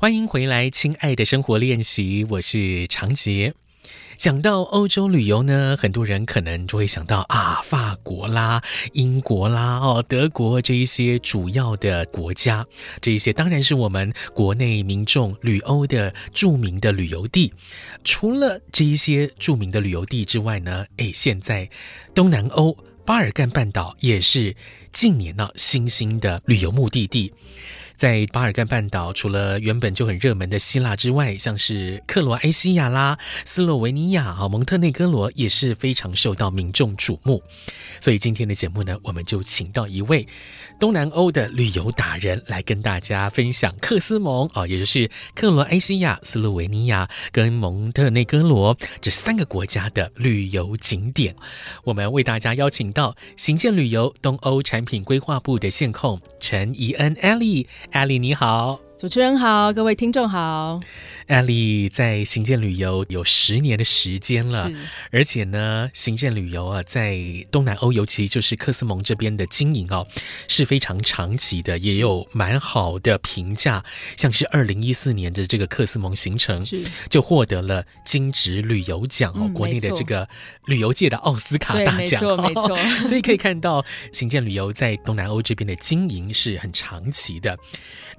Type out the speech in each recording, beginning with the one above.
歡迎回來，親愛的生活練習，我是常杰。講到歐洲旅遊呢，很多人可能就會想到啊，法國啦、英國啦、哦，德國這一些主要的國家，這一些當然是我們國內民眾旅歐的著名的旅遊地。除了這一些著名的旅遊地之外呢，誒，現在東南歐巴爾幹半島也是近年呢新興的旅遊目的地。在巴爾幹半島，除了原本就很熱門的希臘之外，像是克羅埃西亞啦、斯洛維尼亞、蒙特內哥羅也是非常受到民眾矚目。所以今天的節目呢，我們就請到一位東南歐的旅遊達人來跟大家分享克斯蒙，也就是克羅埃西亞、斯洛維尼亞跟蒙特內哥羅這三個國家的旅遊景點。我們為大家邀請到行健旅遊東歐產品規劃部的線控陳怡恩 Ally Ally，你好。主持人好，各位聽眾好。Ally 在行健旅遊有十年的時間了，是而且呢，行健旅遊啊，在東南歐，尤其就是克斯蒙這邊的經營哦，是非常長期的，也有蠻好的評價。像是二零一四年的這個克斯蒙行程，是就獲得了金質旅遊獎哦，嗯、國內的這個旅遊界的奧斯卡大獎。沒錯，沒錯。哦、沒錯，所以可以看到， 行健旅遊在東南歐這邊的經營是很長期的。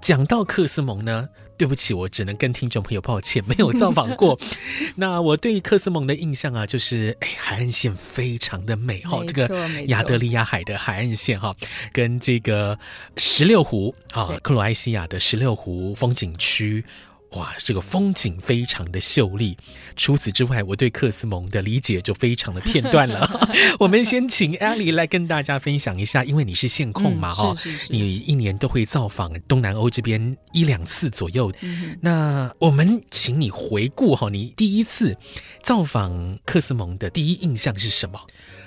講到克。斯蒙呢？對不起，我只能跟聽眾朋友抱歉，沒有造訪過。 那我對於克斯蒙的印象啊，就是、哎、海岸線非常的美哈，這個亞得里亞海的海岸線哈、啊，跟這個十六湖啊，對克羅埃西亞的十六湖風景區。哇，這個風景非常的秀麗。除此之外，我對克斯蒙的理解就非常的片段了。 我們先請 Ally 來跟大家分享一下，因為你是線控嘛，哈、嗯，是是是你一年都會造訪東南歐這邊一兩次左右。嗯、哼那我們請你回顧哈，你第一次造訪克斯蒙的第一印象是什麼？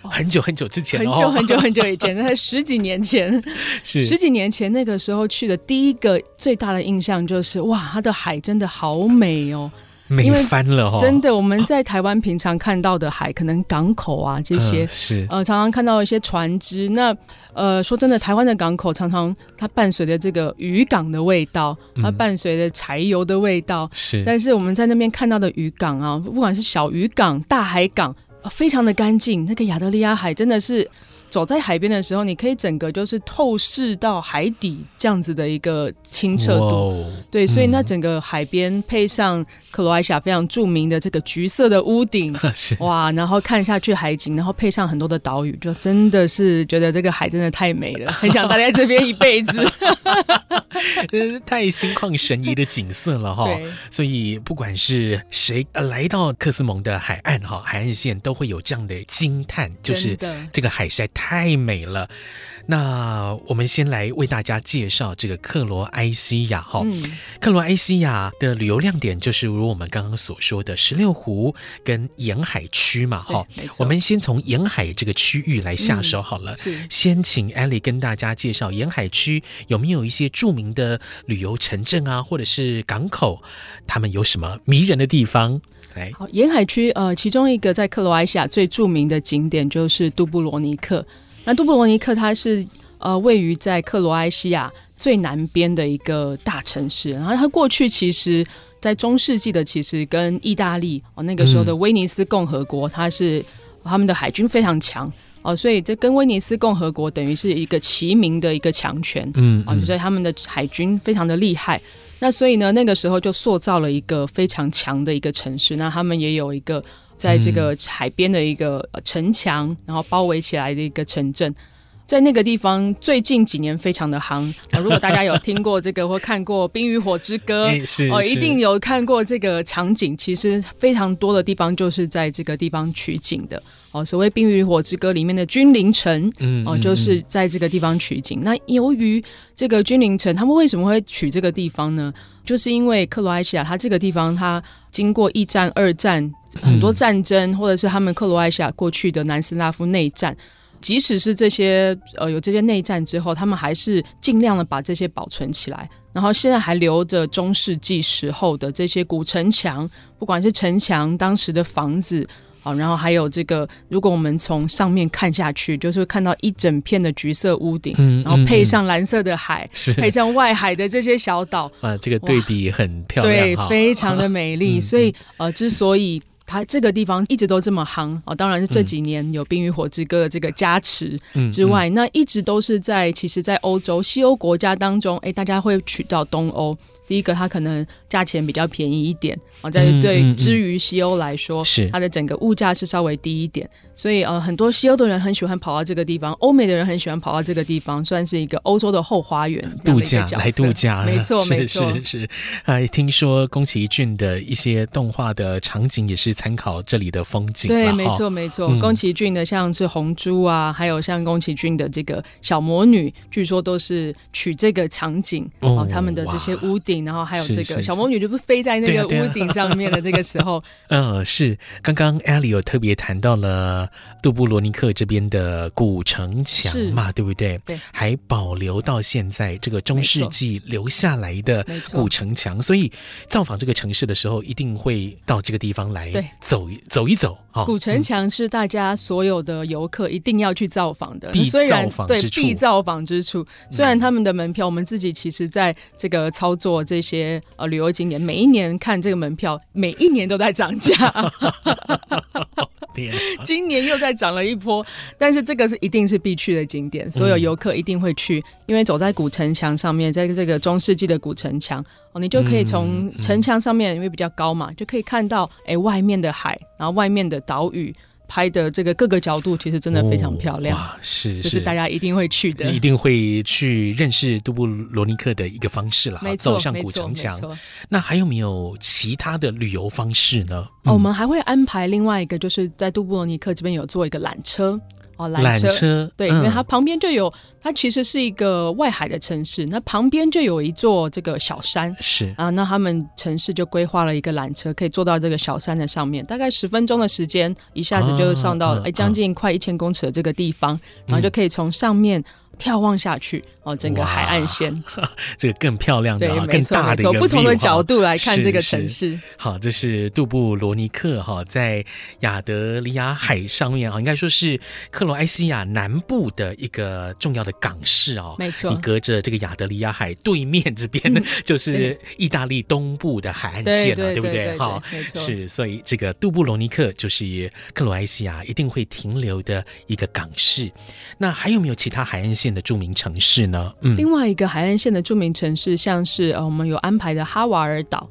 很久很久之前，哦，很久很久很久以前，那是 十幾年前。是十幾年前那個時候去的第一個最大的印象就是，哇，它的海真的好美哦，美翻了，哦！真的，我們在台灣平常看到的海，啊、可能港口啊這些，嗯、是呃常常看到一些船只。那呃說真的，台灣的港口常常它伴隨着這個漁港的味道，它伴隨着柴油的味道。嗯、是，但是我們在那邊看到的漁港啊，不管是小漁港、大海港。非常的乾淨，那個亞得里亞海真的是。走在海邊的時候，你可以整個就是透視到海底這樣子的一個清澈度，哇對，所以那整個海邊配上克羅埃西亞非常著名的這個橘色的屋頂，是哇，然後看下去海景，然後配上很多的島嶼，就真的是覺得這個海真的太美了，很想待在這邊一輩子。真是太心曠神怡的景色了哈，對所以不管是誰來到克斯蒙的海岸哈，海岸線都會有這樣的驚嘆，就是這個海實在太。太美了，那我們先來為大家介紹這個克羅埃西亞哈。嗯、克羅埃西亞的旅遊亮點就是如我們剛剛所說的十六湖跟沿海區嘛哈。我們先從沿海這個區域來下手好了。嗯、先請艾利跟大家介紹沿海區有沒有一些著名的旅遊城鎮啊，或者是港口，他們有什麼迷人的地方？好，沿海區呃，其中一個在克羅埃西亞最著名的景點就是杜布羅尼克。那杜布羅尼克它是呃，位於在克羅埃西亞最南邊的一個大城市。然後它過去其實，在中世紀的其實跟意大利哦，那個時候的威尼斯共和國，嗯、它是他們的海軍非常強哦，所以這跟威尼斯共和國等於是一個齊名的一個強權。嗯，嗯，啊、哦，所以他們的海軍非常的厲害。那所以呢，那個時候就塑造了一個非常強的一個城市。那他們也有一個在這個海邊的一個城牆，嗯、然後包圍起來的一個城鎮。在那個地方，最近幾年非常的夯。啊、呃，如果大家有聽過這個 或看過《冰與火之歌》，哦、欸呃，一定有看過這個場景。其實非常多的地方就是在這個地方取景的。哦、呃，所謂《冰與火之歌》裡面的君臨城，哦、呃，就是在這個地方取景。嗯嗯嗯。那由於這個君臨城，他們為什麼會取這個地方呢？就是因為克羅埃西亞，它這個地方它經過一戰、二戰很多戰爭，或者是他們克羅埃西亞過去的南斯拉夫內戰。即使是這些呃有這些內戰之後，他們還是盡量的把這些保存起來。然後現在還留着中世紀時候的這些古城牆，不管是城牆當時的房子，好、啊，然後還有這個，如果我們從上面看下去，就是會看到一整片的橘色屋頂，嗯嗯、然後配上藍色的海，是配上外海的這些小島，啊，這個對比很漂亮，對，哦、非常的美麗。啊嗯嗯、所以呃，之所以。它這個地方一直都這麼夯哦，當然是這幾年有《冰與火之歌》的這個加持之外，嗯嗯、那一直都是在其實在歐洲，在歐洲西歐國家當中，哎、欸，大家會去到東歐。第一個，它可能價錢比較便宜一點啊，在對之於西歐來說，是、嗯嗯嗯、它的整個物價是稍微低一點，是所以呃，很多西歐的人很喜歡跑到這個地方，歐美的人很喜歡跑到這個地方，算是一個歐洲的後花園，度假來度假。沒錯錯，沒錯，是哎、呃，聽說宮崎駿的一些動畫的場景也是參考這裡的風景。對，後沒錯，沒錯，宮崎駿的像是《紅豬》啊，嗯、還有像宮崎駿的這個《小魔女》，據說都是取這個場景哦，他們的這些屋頂。然後還有這個是是是小魔女，就不飛在那個屋頂上面的這個時候，嗯、啊啊 呃，是剛剛艾莉有特別談到了杜布羅尼克這邊的古城牆嘛，是對不對？對，還保留到現在這個中世紀留下來的古城牆，錯所以造訪這個城市的時候，一定會到這個地方來走對走一走。古城牆是大家所有的遊客一定要去造訪的，必造訪之處，雖然，對，必造訪之處，雖然他們的門票，我們自己其實在這個操作這些呃旅遊景點，每一年看這個門票，每一年都在漲價。 今年又再漲了一波，但是這個是一定是必去的景點，嗯、所有遊客一定會去，因為走在古城牆上面，在這個中世紀的古城牆哦，你就可以從城牆上面，因為比較高嘛，嗯嗯、就可以看到誒、欸、外面的海，然後外面的島嶼。拍的這個各個角度其實真的非常漂亮，哦、是，就是大家一定會去的，一定會去認識杜布羅尼克的一個方式啦，沒錯，走上古城牆。那還有沒有其他的旅遊方式呢？哦，我們還會安排另外一個，就是在杜布羅尼克這邊有坐一個纜車。哦、纜車，纜車對，嗯、因為它旁邊就有，它其實是一個外海的城市，那旁邊就有一座這個小山，是啊，那他們城市就規劃了一個纜車，可以坐到這個小山的上面，大概十分鐘的時間，一下子就上到、哦、哎，將近快一千公尺的這個地方，嗯、然後就可以從上面。眺望下去哦，整個海岸線，這個更漂亮的、啊，的更大的一個。從不同的角度來看這個城市。是是好，這是杜布羅尼克哈，在亞得里亞海上面啊，應該說是克羅埃西亞南部的一個重要的港市哦，沒錯。你隔着這個亞得里亞海對面這邊、嗯、就是意大利東部的海岸線了、啊，對，對不對？哈，沒錯。是，所以這個杜布羅尼克就是克羅埃西亞一定會停留的一個港市。那還有沒有其他海岸線？縣的著名城市呢？嗯，另外一個海岸線的著名城市，嗯、城市像是呃，我們有安排的哈瓦爾島，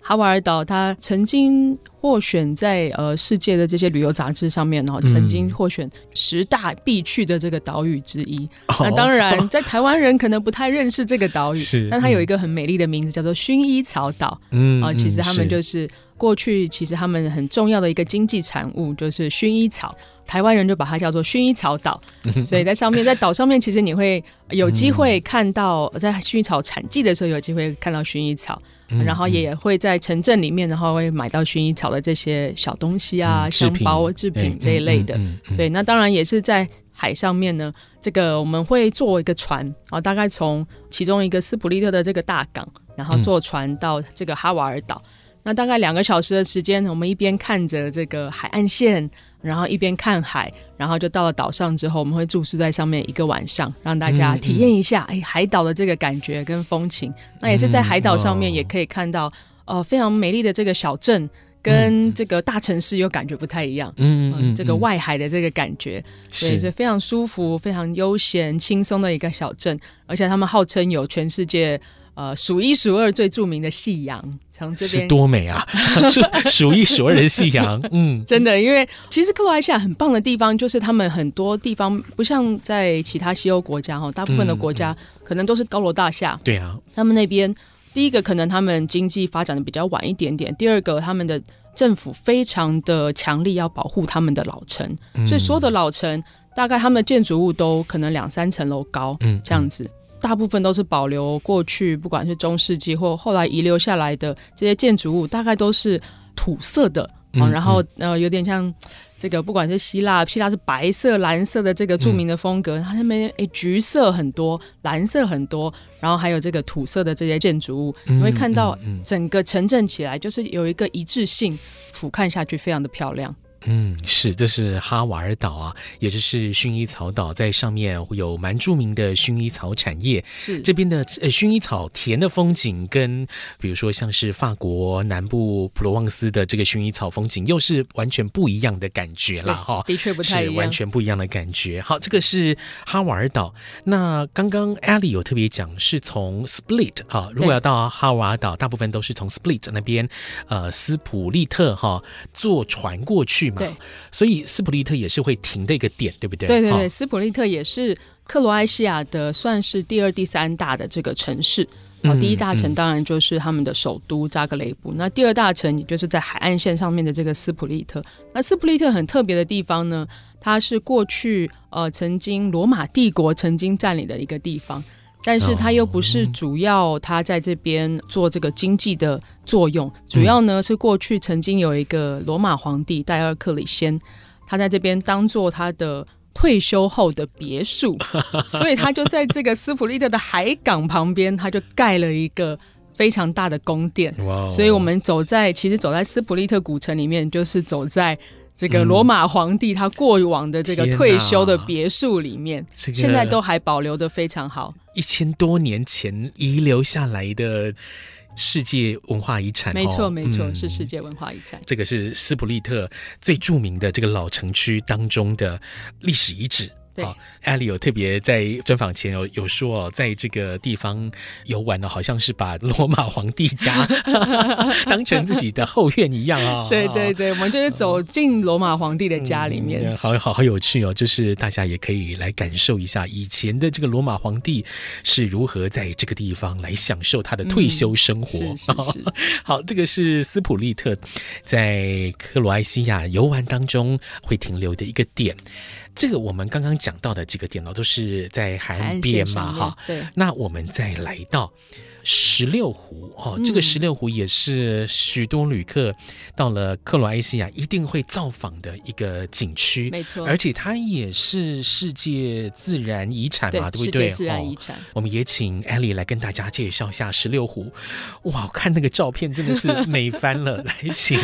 哈瓦爾島它曾經獲選在呃世界的這些旅遊雜誌上面呢，然後曾經獲選十大必去的這個島嶼之一。嗯、那當然，在台灣人可能不太認識這個島嶼，那、哦、它有一個很美麗的名字叫做薰衣草島。嗯啊、呃，其實他們就是。過去其實他們很重要的一個經濟產物就是薰衣草，台灣人就把它叫做薰衣草島。所以在上面，在島上面，其實你會有機會看到，在薰衣草產季的時候，有機會看到薰衣草。嗯、然後也會在城鎮裡面，然後會買到薰衣草的這些小東西啊，嗯、香包制品這一類的。嗯嗯嗯嗯、對，那當然也是在海上面呢。這個我們會坐一個船，大概從其中一個斯普利特的這個大港，然後坐船到這個哈瓦爾島。那大概兩個小時的時間，我們一邊看着這個海岸線，然後一邊看海，然後就到了島上之後，我們會住宿在上面一個晚上，讓大家體驗一下誒、嗯嗯哎、海島的這個感覺跟風情。那也是在海島上面也可以看到、嗯、呃非常美麗的這個小鎮，跟這個大城市又感覺不太一樣。嗯嗯嗯，這個外海的這個感覺，嗯嗯嗯、所以是非常舒服、非常悠閒、輕鬆的一個小鎮，而且他們號稱有全世界。呃，數一數二最著名的夕陽，從這邊是多美啊！是數、啊、 一數二的夕陽，嗯，真的，因為其實克羅埃西亞很棒的地方，就是他們很多地方不像在其他西歐國家哈，大部分的國家可能都是高樓大廈。對啊、嗯，嗯、他們那邊第一個可能他們經濟發展的比較晚一點點，第二個他們的政府非常的強力要保護他們的老城，所以所有的老城大概他們的建築物都可能兩三層樓高，嗯，這樣子。嗯嗯大部分都是保留過去，不管是中世紀或後來遺留下來的這些建築物，大概都是土色的啊、嗯嗯哦。然後呃，有點像這個，不管是希臘，希臘是白色、藍色的這個著名的風格，嗯、它那邊誒，橘色很多，藍色很多，然後還有這個土色的這些建築物，你會、嗯嗯嗯、看到整個城鎮起來就是有一個一致性，俯瞰下去非常的漂亮。嗯，是，這是哈瓦爾島啊，也就是薰衣草島，在上面有蠻著名的薰衣草產業。是這邊的呃薰衣草田的風景跟、跟比如說像是法國南部普羅旺斯的這個薰衣草風景，又是完全不一樣的感覺啦。哈。的確不太、不是完全不一樣的感覺。嗯、好，這個是哈瓦爾島。那剛剛 Ally 有特別講，是從 Split 哈、啊，如果要到哈瓦爾島，對大部分都是從 Split 那邊，呃，斯普利特哈、啊，坐船過去。對，所以斯普利特也是會停的一個點，對不對？對對對，斯普利特也是克羅埃西亞的算是第二、第三大的這個城市，哦、嗯，然後第一大城當然就是他們的首都扎格雷布，嗯，那第二大城也就是在海岸線上面的這個斯普利特。那斯普利特很特別的地方呢，它是過去呃曾經羅馬帝國曾經佔領的一個地方。但是他又不是主要，他在這邊做這個經濟的作用，主要呢是過去曾經有一個羅馬皇帝戴克里先，他在這邊當做他的退休後的別墅，所以他就在這個斯普利特的海港旁邊，他就蓋了一個非常大的宮殿。所以我們走在其實走在斯普利特古城裡面，就是走在這個羅馬皇帝他過往的這個退休的別墅裡面，現在都還保留得非常好。一千多年前遺留下來的世界文化遺產，沒錯，哦、沒錯，嗯、是世界文化遺產。這個是斯普利特最著名的這個老城區當中的歷史遺址。好，艾莉有特別在專訪前有有說哦，在這個地方遊玩呢，好像是把羅馬皇帝家 當成自己的後院一樣啊、哦。 對對對，我們就是走進羅馬皇帝的家裡面，嗯、對好好好有趣哦。就是大家也可以來感受一下以前的這個羅馬皇帝是如何在這個地方來享受他的退休生活。嗯、是是是。好，這個是斯普利特在克羅埃西亞遊玩當中會停留的一個點。這個我們剛剛講到的幾個點呢，都是在海岸邊嘛，哈，對。那我們再來到。十六湖哦，嗯、這個十六湖也是許多旅客到了克羅埃西亞一定會造訪的一個景區，沒錯，而且它也是世界自然遺產嘛，對，對不對？世界自然遺產，哦、我們也請 Ally 來跟大家介紹一下十六湖。哇，我看那個照片真的是美翻了！ 來，請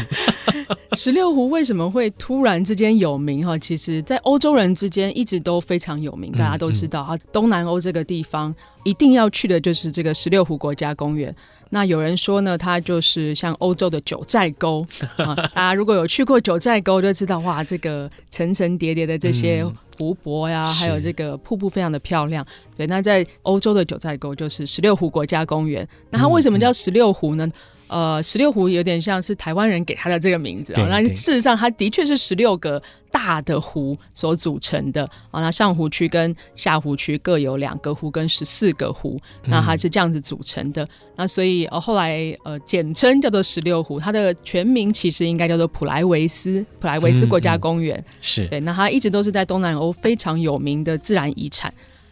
十六湖為什麼會突然之間有名哈？其實，在歐洲人之間一直都非常有名，大家都知道、嗯嗯、啊，東南歐這個地方一定要去的就是這個十六湖國。家公園，那有人說呢，它就是像歐洲的九寨溝啊，大家如果有去過九寨溝，就知道哇，這個層層疊疊疊的這些湖泊呀，啊，嗯，還有這個瀑布，非常的漂亮。是對，那在歐洲的九寨溝就是十六湖國家公園。嗯，那它為什麼叫十六湖呢？嗯嗯呃，十六湖有點像是台灣人給他的這個名字啊對了、哦。那事實上，它的確是十六個大的湖所組成的啊。那上湖區跟下湖區各有兩個湖跟十四個湖，嗯、那它是這樣子組成的。那所以，呃，後來呃，簡稱叫做十六湖。它的全名其實應該叫做普萊維斯普萊維斯國家公園、嗯嗯。是對，那它一直都是在東南歐非常有名的自然遺產。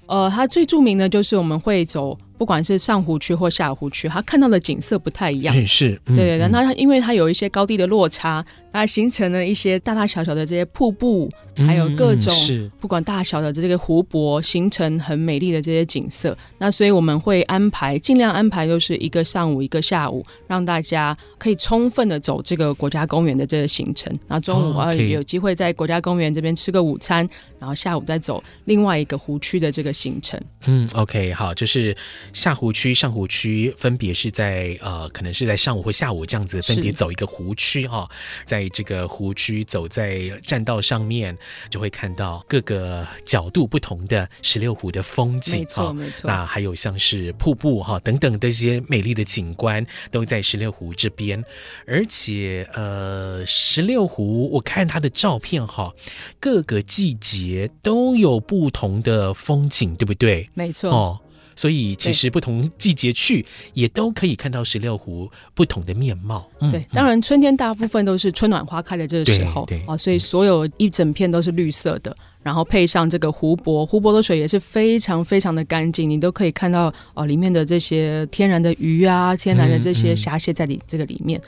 呃，它最著名的就是我們會走。不管是上湖區或下湖區，他看到的景色不太一樣。是，是嗯、對。但它因為它有一些高低的落差，啊，形成了一些大大小小的這些瀑布，還有各種、嗯、是不管大小的這個湖泊，形成很美麗的這些景色。那所以我們會安排，盡量安排就是一個上午，一個下午，讓大家可以充分的走這個國家公園的這個行程。那中午啊，有機會在國家公園這邊吃個午餐，哦 okay、然後下午再走另外一個湖區的這個行程。嗯，OK，好，就是。下湖區、上湖區分別是在呃，可能是在上午或下午這樣子分別走一個湖區哈是、哦，在這個湖區走在棧道上面，就會看到各個角度不同的十六湖的風景，沒錯沒錯。哦、沒錯，那還有像是瀑布哈、哦、等等的一些美麗的景觀都在十六湖這邊，而且呃，十六湖我看它的照片哈、哦，各個季節都有不同的風景，對不對？沒錯、哦所以其實不同季節去也都可以看到十六湖不同的面貌。對，嗯、當然春天大部分都是春暖花開的這個時候啊、呃，所以所有一整片都是綠色的，然後配上這個湖泊，湖泊的水也是非常非常的乾淨，你都可以看到哦、呃、裡面的這些天然的魚啊，天然的這些蝦蟹在裡、嗯、這個裡面。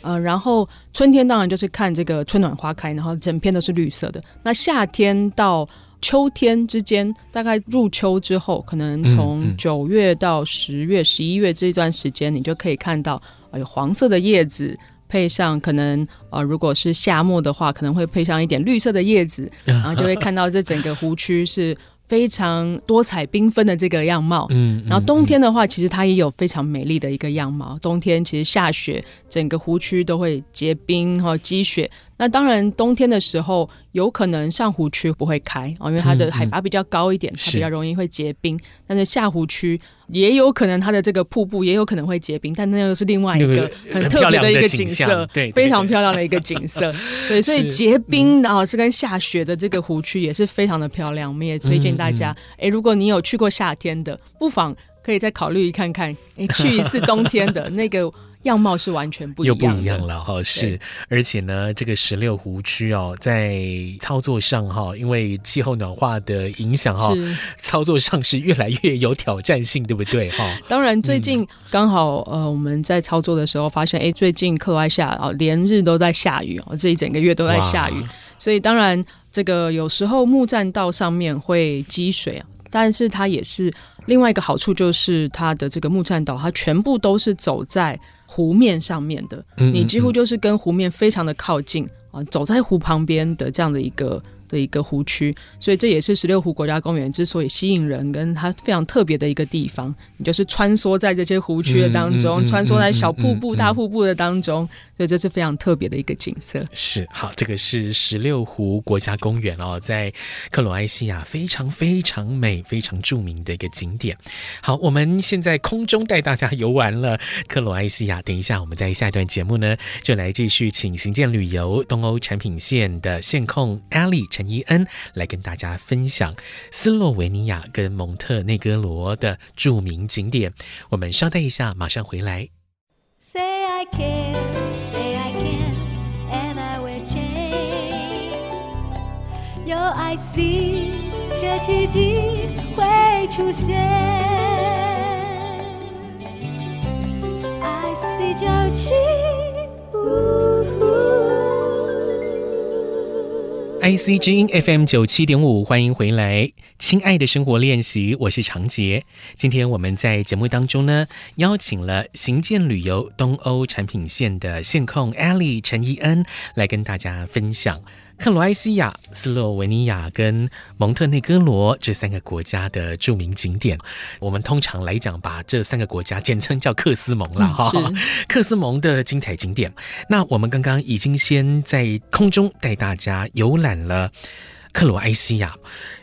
呃，然後春天當然就是看這個春暖花開，然後整片都是綠色的。那夏天到。秋天之間，大概入秋之後，可能從九月到十月、十一月，嗯嗯，這段時間，你就可以看到，呃，有黃色的葉子，配上可能，呃，如果是夏末的話，可能會配上一點綠色的葉子，然後就會看到這整個湖區是非常多彩繽紛的這個樣貌。嗯，嗯嗯，然後冬天的話，其實它也有非常美麗的一個樣貌。冬天其實下雪，整個湖區都會結冰和積雪。那當然，冬天的時候有可能上湖區不會開哦，因為它的海拔比較高一點，嗯、它比較容易會結冰。是。但是下湖區也有可能它的這個瀑布也有可能會結冰，但那又是另外一個很特別的一個景色，嗯、景，對，對，對，非常漂亮的一個景色。對，是對所以結冰、嗯、啊是跟下雪的這個湖區也是非常的漂亮。我們也推薦大家，哎、嗯嗯，如果你有去過夏天的，不妨可以再考慮一看看，哎，去一次冬天的 那個。樣貌是完全不一樣的，又不一樣了哈。是，對而且呢，這個十六湖區哦，在操作上哈，因為氣候暖化的影響哈，是操作上是越來越有挑戰性，對不對哈？ 當然，最近剛好、嗯、呃，我們在操作的時候發現，哎，最近課外下哦，連日都在下雨哦，這一整個月都在下雨，哇所以當然這個有時候木棧道上面會積水啊。但是它也是另外一個好處，就是它的這個木棧道，它全部都是走在湖面上面的，你幾乎就是跟湖面非常的靠近啊，走在湖旁邊的這樣的一個。的一個湖區，所以這也是十六湖國家公園之所以吸引人，跟它非常特別的一個地方。你就是穿梭在這些湖區的當中，嗯嗯嗯嗯、穿梭在小瀑布、嗯嗯、大瀑布的當中，所以這是非常特別的一個景色。是，好，這個是十六湖國家公園哦，在克羅埃西亞非常非常美，非常著名的一個景點。好，我們現在空中帶大家遊玩了克羅埃西亞。等一下，我們在下一段節目呢，就來繼續請行健旅遊東歐產品線的線控 Ally。陳怡恩來跟大家分享斯洛維尼亞跟蒙特內哥羅的著名景點，我們稍待一下，馬上回來。i c 之音 FM 97.5, 歡迎回來，親愛的生活練習，我是常杰。今天我們在節目當中呢，邀請了行健旅遊東歐產品線的線控 Ally 陳怡恩來跟大家分享。克羅埃西亞、斯洛維尼亞跟蒙特內哥羅這三個國家的著名景點，我們通常來講，把這三個國家簡稱叫“克斯蒙”了、哦、了哈、嗯。克斯蒙的精彩景點，那我們剛剛已經先在空中帶大家遊覽了。克羅埃西亞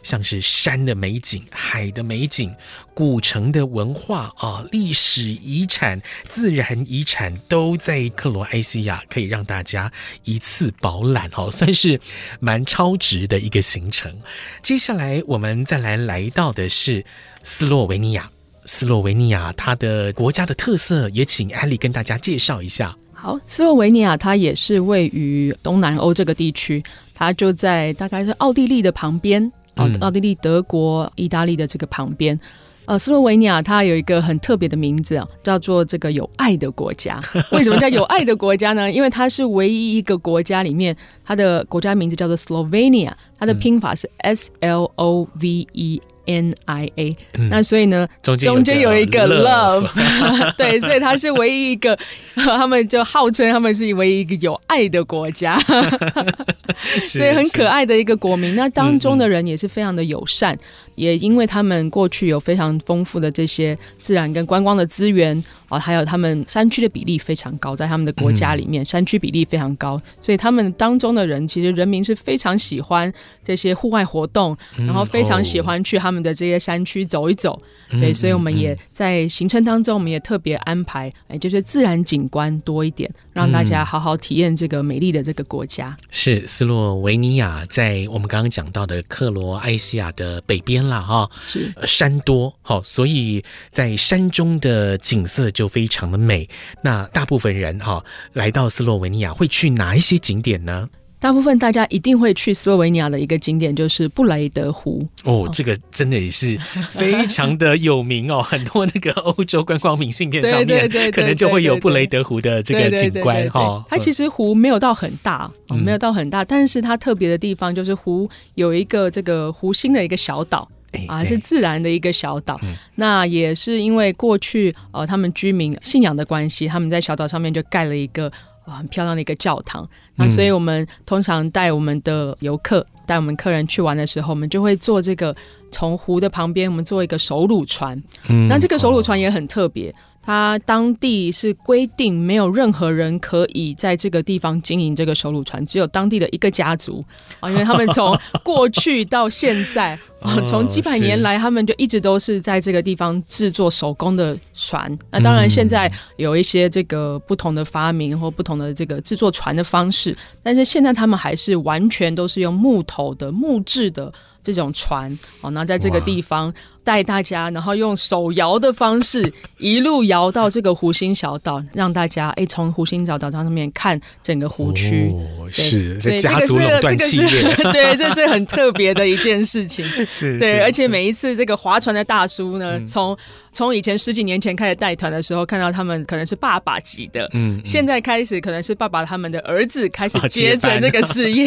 像是山的美景、海的美景、古城的文化啊、哦、歷史遺產、自然遺產都在克羅埃西亞，可以讓大家一次飽覽哦，算是蠻超值的一個行程。接下來我們再來來到的是斯洛維尼亞，斯洛維尼亞它的國家的特色，也請 Ally 跟大家介紹一下。好，斯洛維尼亞它也是位於東南歐這個地區，它就在大概是奧地利的旁邊，奧奧地利、德國、意大利的這個旁邊。呃，斯洛維尼亞它有一個很特別的名字啊，叫做這個“有愛的國家”。為什麼叫“有愛的國家”呢？因為它是唯一一個國家裡面，它的國家名字叫做 Slovenia，它的拼法是 S L O V E。N I A，、嗯、那所以呢，中間，中間有一個 love， 對，所以他是唯一一個， 他們就號稱他們是唯一一個有愛的國家， 是所以很可愛的一個國民。那當中的人也是非常的友善。嗯嗯嗯也因為他們過去有非常豐富的這些自然跟觀光的資源啊，還有他們山區的比例非常高，在他們的國家裡面，山區比例非常高，所以他們當中的人其實人民是非常喜歡這些戶外活動，然後非常喜歡去他們的這些山區走一走。嗯哦、對，所以我們也在行程當中，我們也特別安排、嗯嗯嗯哎，就是自然景觀多一點。讓大家好好體驗這個美麗的這個國家。嗯，是斯洛維尼亞在我們剛剛講到的克羅埃西亞的北邊啦，哈是，是，呃，山多，哦，所以在山中的景色就非常的美。那大部分人哈，哦，來到斯洛維尼亞會去哪一些景點呢？大部分大家一定會去斯洛維尼亞的一個景點就是布雷德湖哦，這個真的也是非常的有名哦， 很多那個歐洲觀光明信片上面可能就會有布雷德湖的這個景觀哦。它其實湖沒有到很大，嗯、沒有到很大，但是它特別的地方就是湖有一個這個湖心的一個小島、哎、啊，是自然的一個小島。嗯、那也是因為過去呃他們居民信仰的關係，他們在小島上面就蓋了一個。啊、哦、很漂亮的一個教堂。那所以我們通常帶我們的遊客、嗯、帶我們客人去玩的時候，我們就會坐這個從湖的旁邊，我們坐一個手櫓船。嗯，那這個手櫓船也很特別。哦它當地是規定，沒有任何人可以在這個地方經營這個手櫓船，只有當地的一個家族啊，因為他們從過去到現在啊，從 幾百年來，他們就一直都是在這個地方制作手工的船。哦、那當然，現在有一些這個不同的發明或不同的這個制作船的方式，但是現在他們還是完全都是用木頭的、木質的。這種船哦，然後在這個地方帶大家，然後用手搖的方式一路搖到這個湖心小島，讓大家哎從湖心小島上面看整個湖區。哦、對是，對是家族這是，這個是這個是， 對，這是很特別的一件事情。是，是對，而且每一次這個划船的大叔呢，從從以前十幾年前開始帶團的時候，看到他們可能是爸爸級的，嗯，嗯，現在開始可能是爸爸他們的兒子開始接著這個事業。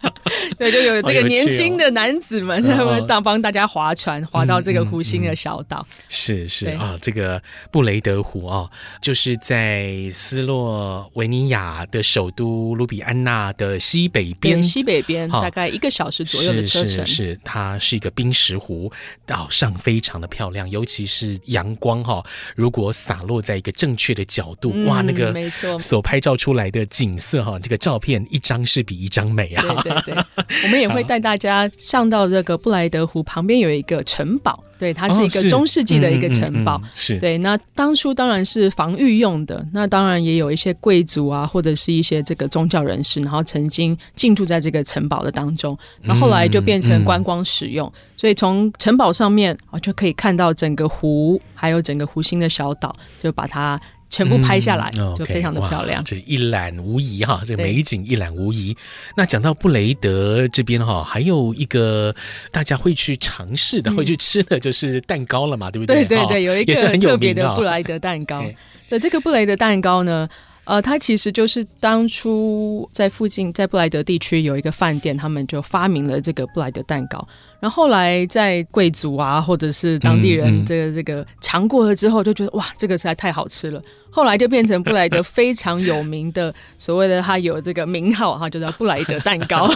啊 對，就有這個年輕的男子們，他們幫大家划船，划到這個湖心的小島。是是啊，這個布雷德湖哦，就是在斯洛維尼亞的首都盧比安娜的西北邊，西北邊大概一個小時左右的車程。是是是，它是一個冰石湖，島上非常的漂亮，尤其是陽光哈，如果灑落在一個正確的角度，哇，那個沒錯，所拍照出來的景色哈，這個照片一張是比一張美啊。對對。 我們也會帶大家上到這個布萊德湖，好旁邊有一個城堡，對，它是一個中世紀的一個城堡，哦、是、嗯嗯嗯、是對。那當初當然是防禦用的，那當然也有一些貴族啊，或者是一些這個宗教人士，然後曾經進駐在這個城堡的當中。那後、後來就變成觀光使用，嗯嗯、所以從城堡上面啊就可以看到整個湖，還有整個湖心的小島，就把它。全部拍下來，嗯、就非常的漂亮，嗯、okay, 這一覽無遺哈、啊，這美景一覽無遺。對那講到布雷德這邊哈、哦，還有一個大家會去嘗試的，嗯、會去吃的，就是蛋糕了嘛，對不對？對對對，有一個很特別的布萊德蛋糕。哎、對這個布萊德蛋糕呢，呃，它其實就是當初在附近，在布萊德地區有一個飯店，他們就發明了這個布萊德蛋糕。然後後來在貴族啊，或者是當地人、這個嗯這個，這個這個嘗過了之後，就覺得哇，這個實在太好吃了。後來就變成布萊德非常有名的， 所謂的它有這個名號哈，它就叫布萊德蛋糕，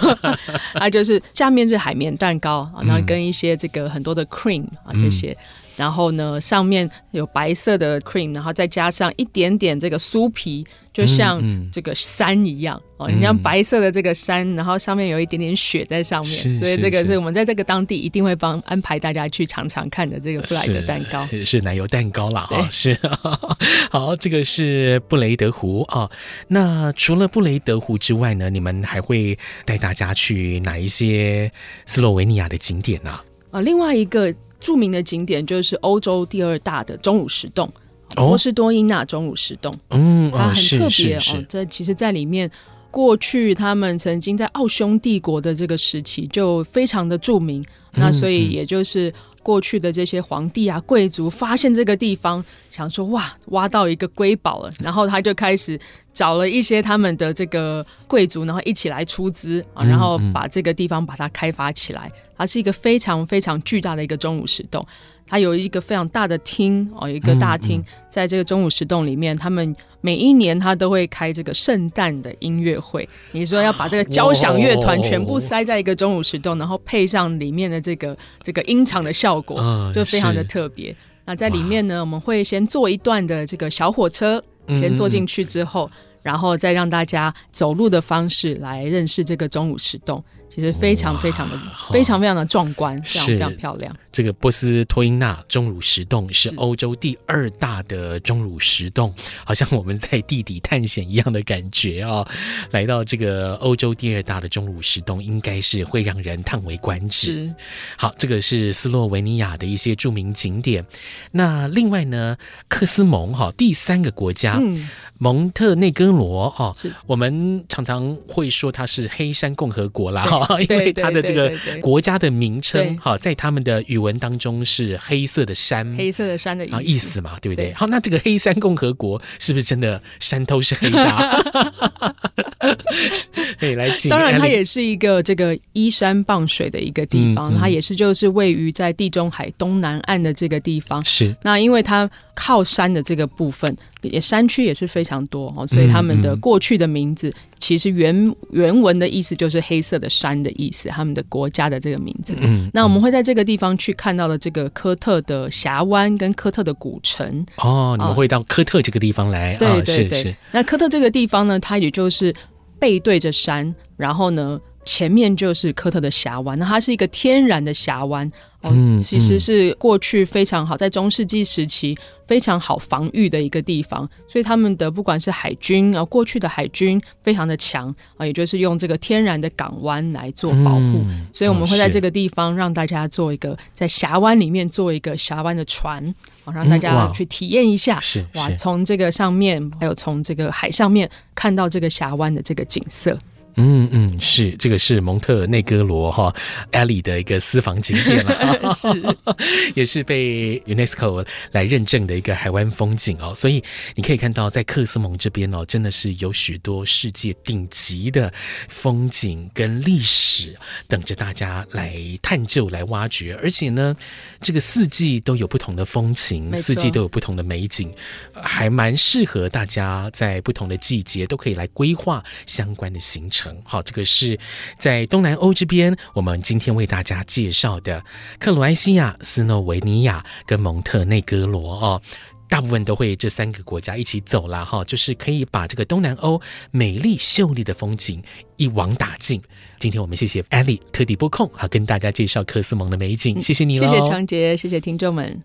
它 就是下面是海綿蛋糕啊，嗯、然後跟一些這個很多的 cream 啊這些，嗯、然後呢上面有白色的 cream，然後再加上一點點這個酥皮。就像這個山一樣、嗯、哦，你像白色的這個山，嗯、然後上面有一點點雪在上面，是所以這個是我們在這個當地一定會幫安排大家去嚐嚐看的這個布萊德蛋糕，是，是，是奶油蛋糕啦。哈對、哦。是哈哈，好，這個是布雷德湖啊、哦。那除了布雷德湖之外呢，你們還會帶大家去哪一些斯洛維尼亞的景點呢、啊？啊，另外一個著名的景點就是歐洲第二大的鐘乳石洞。波斯托伊納鐘乳石洞，哦、嗯，它很特別哦。這其實，在裡面過去他們曾經在奧匈帝國的這個時期就非常的著名。嗯嗯、那所以，也就是過去的這些皇帝啊、貴族發現這個地方，想說哇，挖到一個瑰寶了，然後他就開始找了一些他們的這個貴族，然後一起來出資啊，然後把這個地方把它開發起來。它是一個非常非常巨大的一個鐘乳石洞。它有一個非常大的廳哦，有一個大廳，嗯嗯、在這個鐘乳石洞裡面，他們每一年他都會開這個聖誕的音樂會。你說要把這個交響樂團全部塞在一個鐘乳石洞，哦、然後配上裡面的這個這個音場的效果，嗯、就非常的特別。是那在裡面呢，哇我們會先坐一段的這個小火車，先坐進去之後，嗯、然後再讓大家走路的方式來認識這個鐘乳石洞。其實非常非常的哇非常非常的壯觀，是非常非常漂亮。這個波斯托伊納鐘乳石洞是歐洲第二大的鐘乳石洞，是好像我們在地底探險一樣的感覺哦。來到這個歐洲第二大的鐘乳石洞，應該是會讓人嘆為觀止。是好，這個是斯洛維尼亞的一些著名景點。那另外呢，克斯蒙哈、哦、第三個國家，嗯、蒙特內哥羅哈，哦、是我們常常會說它是黑山共和國啦哈。啊， 因為它的這個國家的名稱哈，在他們的語文當中是黑色的山，黑色的山的意思嘛，對不對？對對對對好，那這個黑山共和國是不是真的山都是黑的？可以 來請。當然，它也是一個這個依山傍水的一個地方，嗯嗯，它也是就是位於在地中海東南岸的這個地方。是，那因為它。靠山的這個部分，也山區也是非常多哦，所以他們的過去的名字，嗯嗯、其實原原文的意思就是黑色的山的意思，他們的國家的這個名字。嗯，嗯，那我們會在這個地方去看到了這個科特的峽灣跟科特的古城。哦，你們會到科特這個地方來？啊、對對對，是是，那科特這個地方呢，它也就是背對着山，然後呢。前面就是科特的峽灣，那它是一個天然的峽灣、哦嗯，嗯，其實是過去非常好，在中世紀時期非常好防御的一個地方，所以他們的不管是海軍啊、哦，過去的海軍非常的強啊、哦，也就是用這個天然的港灣來做保護，嗯、所以我們會在這個地方讓大家做一個是在峽灣裡面做一個峽灣的船，啊、哦，讓大家去體驗一下，嗯、哇，從哇這個上面還有從這個海上面看到這個峽灣的這個景色。嗯嗯，是這個是蒙特內哥羅哈 Ally 的一個私房景點了， 是也是被 UNESCO 來認證的一個海灣風景哦，所以你可以看到在克斯蒙這邊哦，真的是有許多世界頂級的風景跟歷史等着大家來探究、來挖掘，而且呢，這個四季都有不同的風情，錯四季都有不同的美景，還蠻適合大家在不同的季節都可以來規劃相關的行程。好，這個是在東南歐這邊，我們今天為大家介紹的克羅埃西亞、斯洛維尼亞跟蒙特內哥羅哦，大部分都會這三個國家一起走了哈、哦，就是可以把這個東南歐美麗秀麗的風景一網打盡。今天我們謝謝 Ally 特地撥空，好跟大家介紹克斯蒙的美景，謝謝你。嗯，謝謝昌杰，謝謝聽眾們。